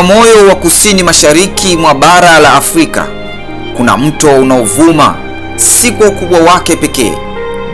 Katika moyo wa kusini mashariki mwa bara la Afrika kuna mto unaovuma si kwa ukubwa wake pekee,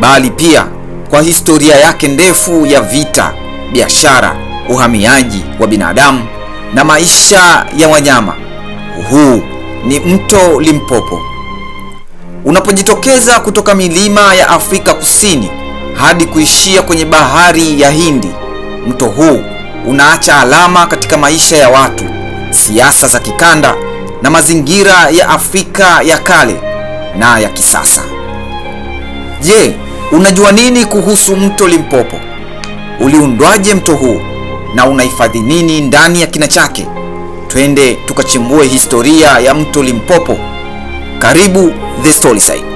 bali pia kwa historia yake ndefu ya vita, biashara, uhamiaji wa binadamu na maisha ya wanyama. Huu ni mto Limpopo. Unapojitokeza kutoka milima ya Afrika Kusini hadi kuishia kwenye bahari ya Hindi, mto huu unaacha alama katika maisha ya watu siasa za kikanda na mazingira ya Afrika ya kale na ya kisasa. Je, unajua nini kuhusu mto Limpopo? Uliundwaje mto huu na unahifadhi nini ndani ya kina chake? Twende tukachimbue historia ya mto Limpopo. Karibu The Storyside.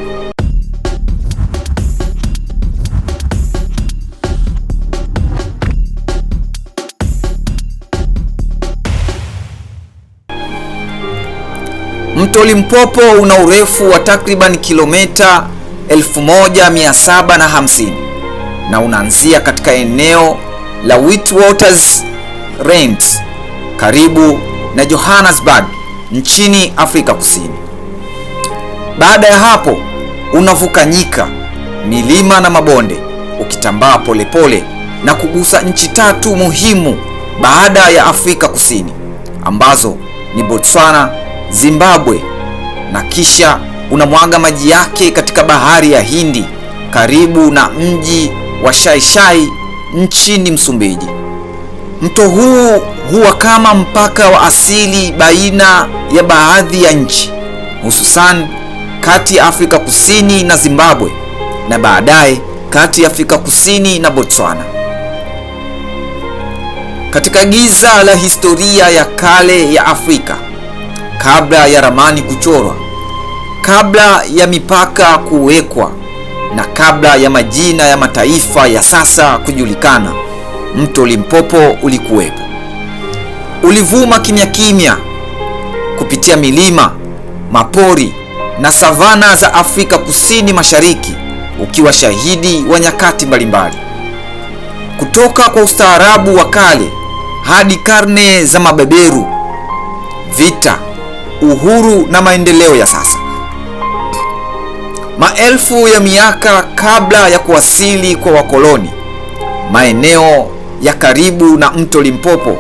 Mto Limpopo una urefu wa takriban kilomita 1750 na unaanzia katika eneo la Witwatersrand karibu na Johannesburg nchini Afrika Kusini. Baada ya hapo unavuka nyika, milima na mabonde ukitambaa polepole na kugusa nchi tatu muhimu baada ya Afrika Kusini ambazo ni Botswana Zimbabwe na kisha unamwaga maji yake katika bahari ya Hindi karibu na mji wa Shaishai nchini Msumbiji. Mto huu huwa kama mpaka wa asili baina ya baadhi ya nchi, hususan kati ya Afrika Kusini na Zimbabwe na baadaye kati ya Afrika Kusini na Botswana. Katika giza la historia ya kale ya Afrika, kabla ya ramani kuchorwa, kabla ya mipaka kuwekwa na kabla ya majina ya mataifa ya sasa kujulikana, mto Limpopo ulikuwepo. Ulivuma kimya kimya kupitia milima, mapori na savana za Afrika Kusini Mashariki, ukiwa shahidi wa nyakati mbalimbali, kutoka kwa ustaarabu wa kale hadi karne za mabeberu uhuru na maendeleo ya sasa. Maelfu ya miaka kabla ya kuwasili kwa wakoloni, maeneo ya karibu na mto Limpopo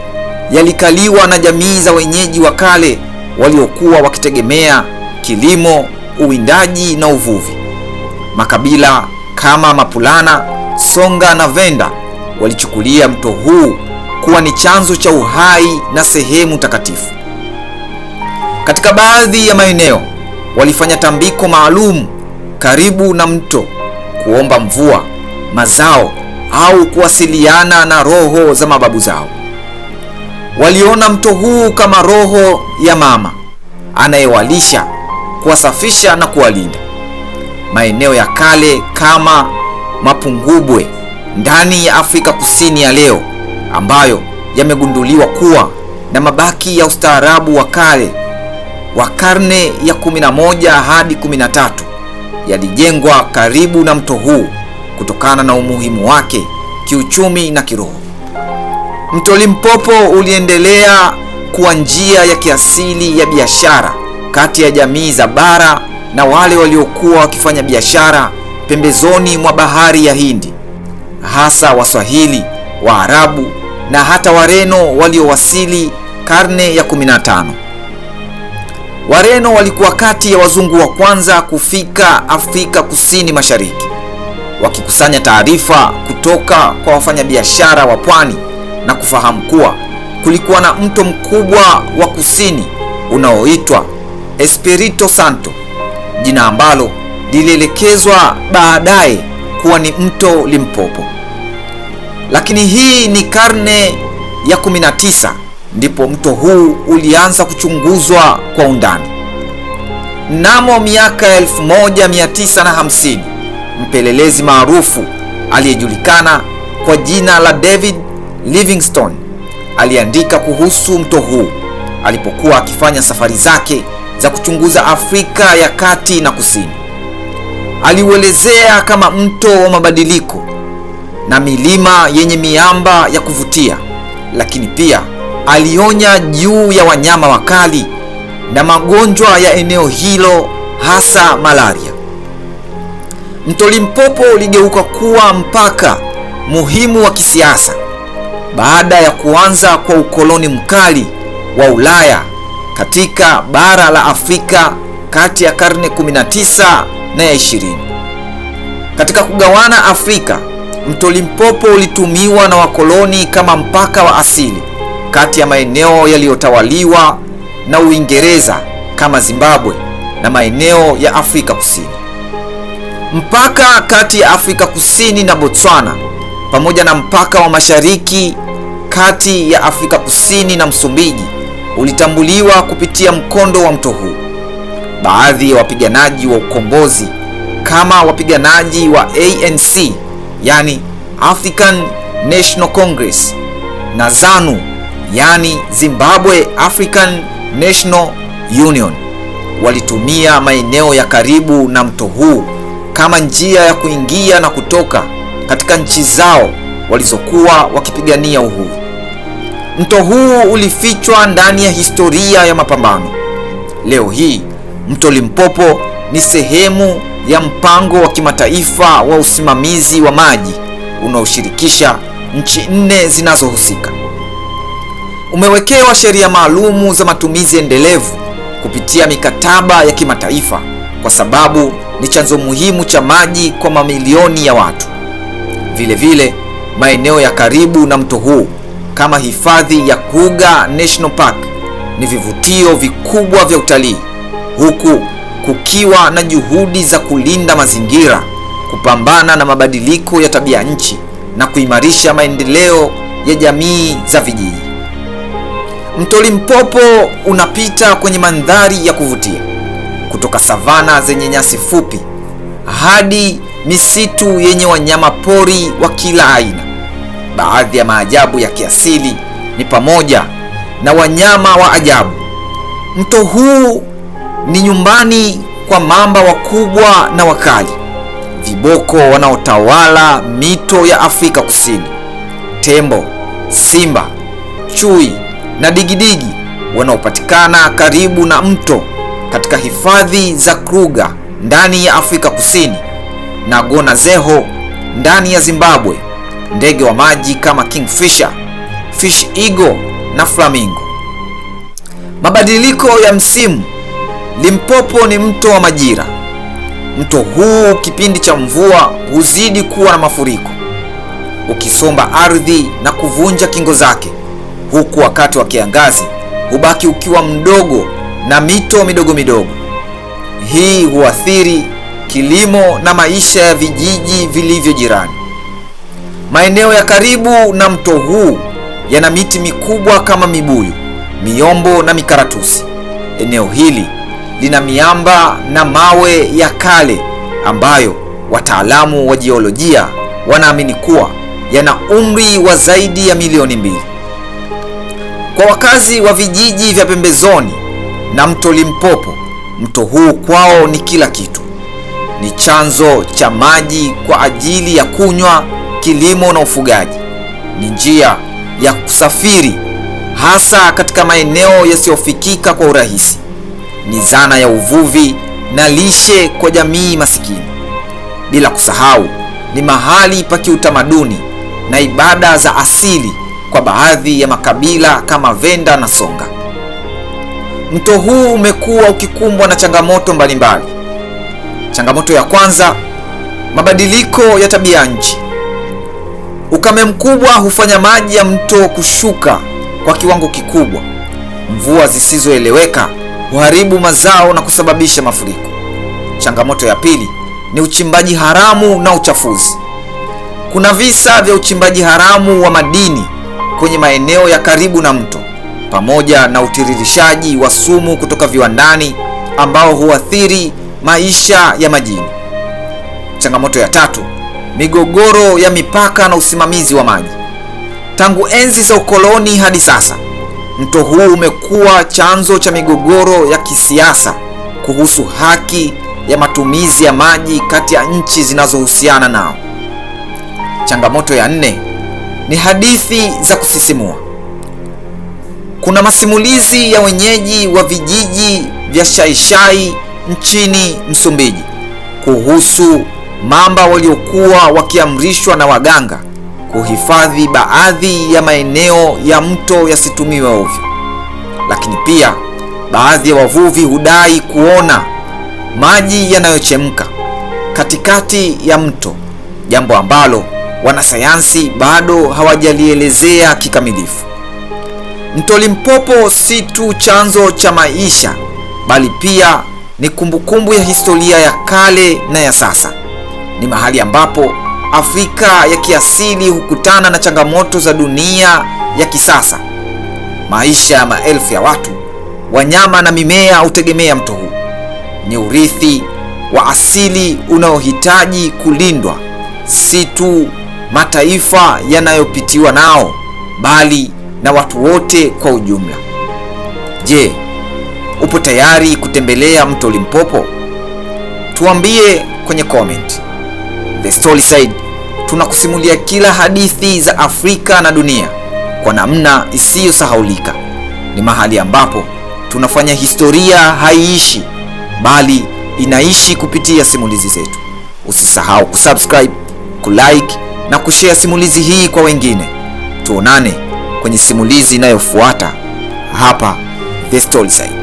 yalikaliwa na jamii za wenyeji wa kale waliokuwa wakitegemea kilimo, uwindaji na uvuvi. Makabila kama Mapulana, Songa na Venda walichukulia mto huu kuwa ni chanzo cha uhai na sehemu takatifu. Katika baadhi ya maeneo walifanya tambiko maalum karibu na mto kuomba mvua, mazao au kuwasiliana na roho za mababu zao. Waliona mto huu kama roho ya mama anayewalisha, kuwasafisha na kuwalinda. Maeneo ya kale kama Mapungubwe ndani ya Afrika Kusini ya leo ambayo yamegunduliwa kuwa na mabaki ya ustaarabu wa kale wa karne ya 11 hadi 13 yalijengwa karibu na mto huu kutokana na umuhimu wake kiuchumi na kiroho. Mto Limpopo uliendelea kuwa njia ya kiasili ya biashara kati ya jamii za bara na wale waliokuwa wakifanya biashara pembezoni mwa bahari ya Hindi, hasa Waswahili, Waarabu na hata Wareno waliowasili karne ya 15. Wareno walikuwa kati ya wazungu wa kwanza kufika Afrika Kusini Mashariki, wakikusanya taarifa kutoka kwa wafanyabiashara wa pwani na kufahamu kuwa kulikuwa na mto mkubwa wa kusini unaoitwa Espirito Santo, jina ambalo lilielekezwa baadaye kuwa ni mto Limpopo. Lakini hii ni karne ya 19 ndipo mto huu ulianza kuchunguzwa kwa undani. Mnamo miaka 1950 mpelelezi maarufu aliyejulikana kwa jina la David Livingstone aliandika kuhusu mto huu alipokuwa akifanya safari zake za kuchunguza Afrika ya kati na kusini. Aliuelezea kama mto wa mabadiliko na milima yenye miamba ya kuvutia, lakini pia alionya juu ya wanyama wakali na magonjwa ya eneo hilo hasa malaria. Mto Limpopo uligeuka kuwa mpaka muhimu wa kisiasa baada ya kuanza kwa ukoloni mkali wa Ulaya katika bara la Afrika kati ya karne 19 na ya 20. Katika kugawana Afrika, mto Limpopo ulitumiwa na wakoloni kama mpaka wa asili kati ya maeneo yaliyotawaliwa na Uingereza kama Zimbabwe na maeneo ya Afrika Kusini. Mpaka kati ya Afrika Kusini na Botswana pamoja na mpaka wa mashariki kati ya Afrika Kusini na Msumbiji ulitambuliwa kupitia mkondo wa mto huu. Baadhi ya wapiganaji wa ukombozi kama wapiganaji wa ANC, yani African National Congress na ZANU yaani Zimbabwe African National Union walitumia maeneo ya karibu na mto huu kama njia ya kuingia na kutoka katika nchi zao walizokuwa wakipigania uhuru. Mto huu ulifichwa ndani ya historia ya mapambano. Leo hii mto Limpopo ni sehemu ya mpango wa kimataifa wa usimamizi wa maji unaoshirikisha nchi nne zinazohusika umewekewa sheria maalumu za matumizi endelevu kupitia mikataba ya kimataifa kwa sababu ni chanzo muhimu cha maji kwa mamilioni ya watu. Vilevile, maeneo ya karibu na mto huu kama hifadhi ya Kruger National Park ni vivutio vikubwa vya utalii, huku kukiwa na juhudi za kulinda mazingira, kupambana na mabadiliko ya tabia nchi na kuimarisha maendeleo ya jamii za vijiji. Mto Limpopo unapita kwenye mandhari ya kuvutia kutoka savana zenye nyasi fupi hadi misitu yenye wanyama pori wa kila aina. Baadhi ya maajabu ya kiasili ni pamoja na wanyama wa ajabu. Mto huu ni nyumbani kwa mamba wakubwa na wakali, viboko wanaotawala mito ya Afrika Kusini, tembo, simba, chui na digidigi wanaopatikana karibu na mto katika hifadhi za Kruger ndani ya Afrika Kusini na Gonazeho ndani ya Zimbabwe, ndege wa maji kama kingfisher, fish eagle na flamingo. Mabadiliko ya msimu. Limpopo ni mto wa majira. Mto huu kipindi cha mvua huzidi kuwa na mafuriko, ukisomba ardhi na kuvunja kingo zake huku wakati wa kiangazi hubaki ukiwa mdogo na mito midogo midogo. Hii huathiri kilimo na maisha ya vijiji vilivyo jirani. Maeneo ya karibu na mto huu yana miti mikubwa kama mibuyu, miombo na mikaratusi. Eneo hili lina miamba na mawe ya kale ambayo wataalamu wa jiolojia wanaamini kuwa yana umri wa zaidi ya milioni mbili. Kwa wakazi wa vijiji vya pembezoni na mto Limpopo, mto huu kwao ni kila kitu. Ni chanzo cha maji kwa ajili ya kunywa, kilimo na ufugaji. Ni njia ya kusafiri hasa katika maeneo yasiyofikika kwa urahisi. Ni zana ya uvuvi na lishe kwa jamii masikini. Bila kusahau, ni mahali pa kiutamaduni na ibada za asili kwa baadhi ya makabila kama Venda na Songa. Mto huu umekuwa ukikumbwa na changamoto mbalimbali. Changamoto ya kwanza, mabadiliko ya tabia nchi. Ukame mkubwa hufanya maji ya mto kushuka kwa kiwango kikubwa. Mvua zisizoeleweka huharibu mazao na kusababisha mafuriko. Changamoto ya pili ni uchimbaji haramu na uchafuzi. Kuna visa vya uchimbaji haramu wa madini kwenye maeneo ya karibu na mto pamoja na utiririshaji wa sumu kutoka viwandani ambao huathiri maisha ya majini. Changamoto ya tatu, migogoro ya mipaka na usimamizi wa maji. Tangu enzi za ukoloni hadi sasa, mto huu umekuwa chanzo cha migogoro ya kisiasa kuhusu haki ya matumizi ya maji kati ya nchi zinazohusiana nao. Changamoto ya nne, ni hadithi za kusisimua. Kuna masimulizi ya wenyeji wa vijiji vya Shaishai nchini Msumbiji kuhusu mamba waliokuwa wakiamrishwa na waganga kuhifadhi baadhi ya maeneo ya mto yasitumiwe ovyo. Lakini pia baadhi ya wavuvi hudai kuona maji yanayochemka katikati ya mto, jambo ambalo wanasayansi bado hawajalielezea kikamilifu. Limpopo si tu chanzo cha maisha, bali pia ni kumbukumbu ya historia ya kale na ya sasa. Ni mahali ambapo Afrika ya kiasili hukutana na changamoto za dunia ya kisasa. Maisha ya maelfu ya watu, wanyama na mimea hutegemea mto huu. Ni urithi wa asili unaohitaji kulindwa si tu mataifa yanayopitiwa nao, bali na watu wote kwa ujumla. Je, upo tayari kutembelea mto Limpopo? Tuambie kwenye comment. The Side tunakusimulia kila hadithi za Afrika na dunia kwa namna isiyosahaulika. Ni mahali ambapo tunafanya historia haiishi, bali inaishi kupitia simulizi zetu. Usisahau kusubscribe, kulike na kushea simulizi hii kwa wengine. Tuonane kwenye simulizi inayofuata hapa The Side.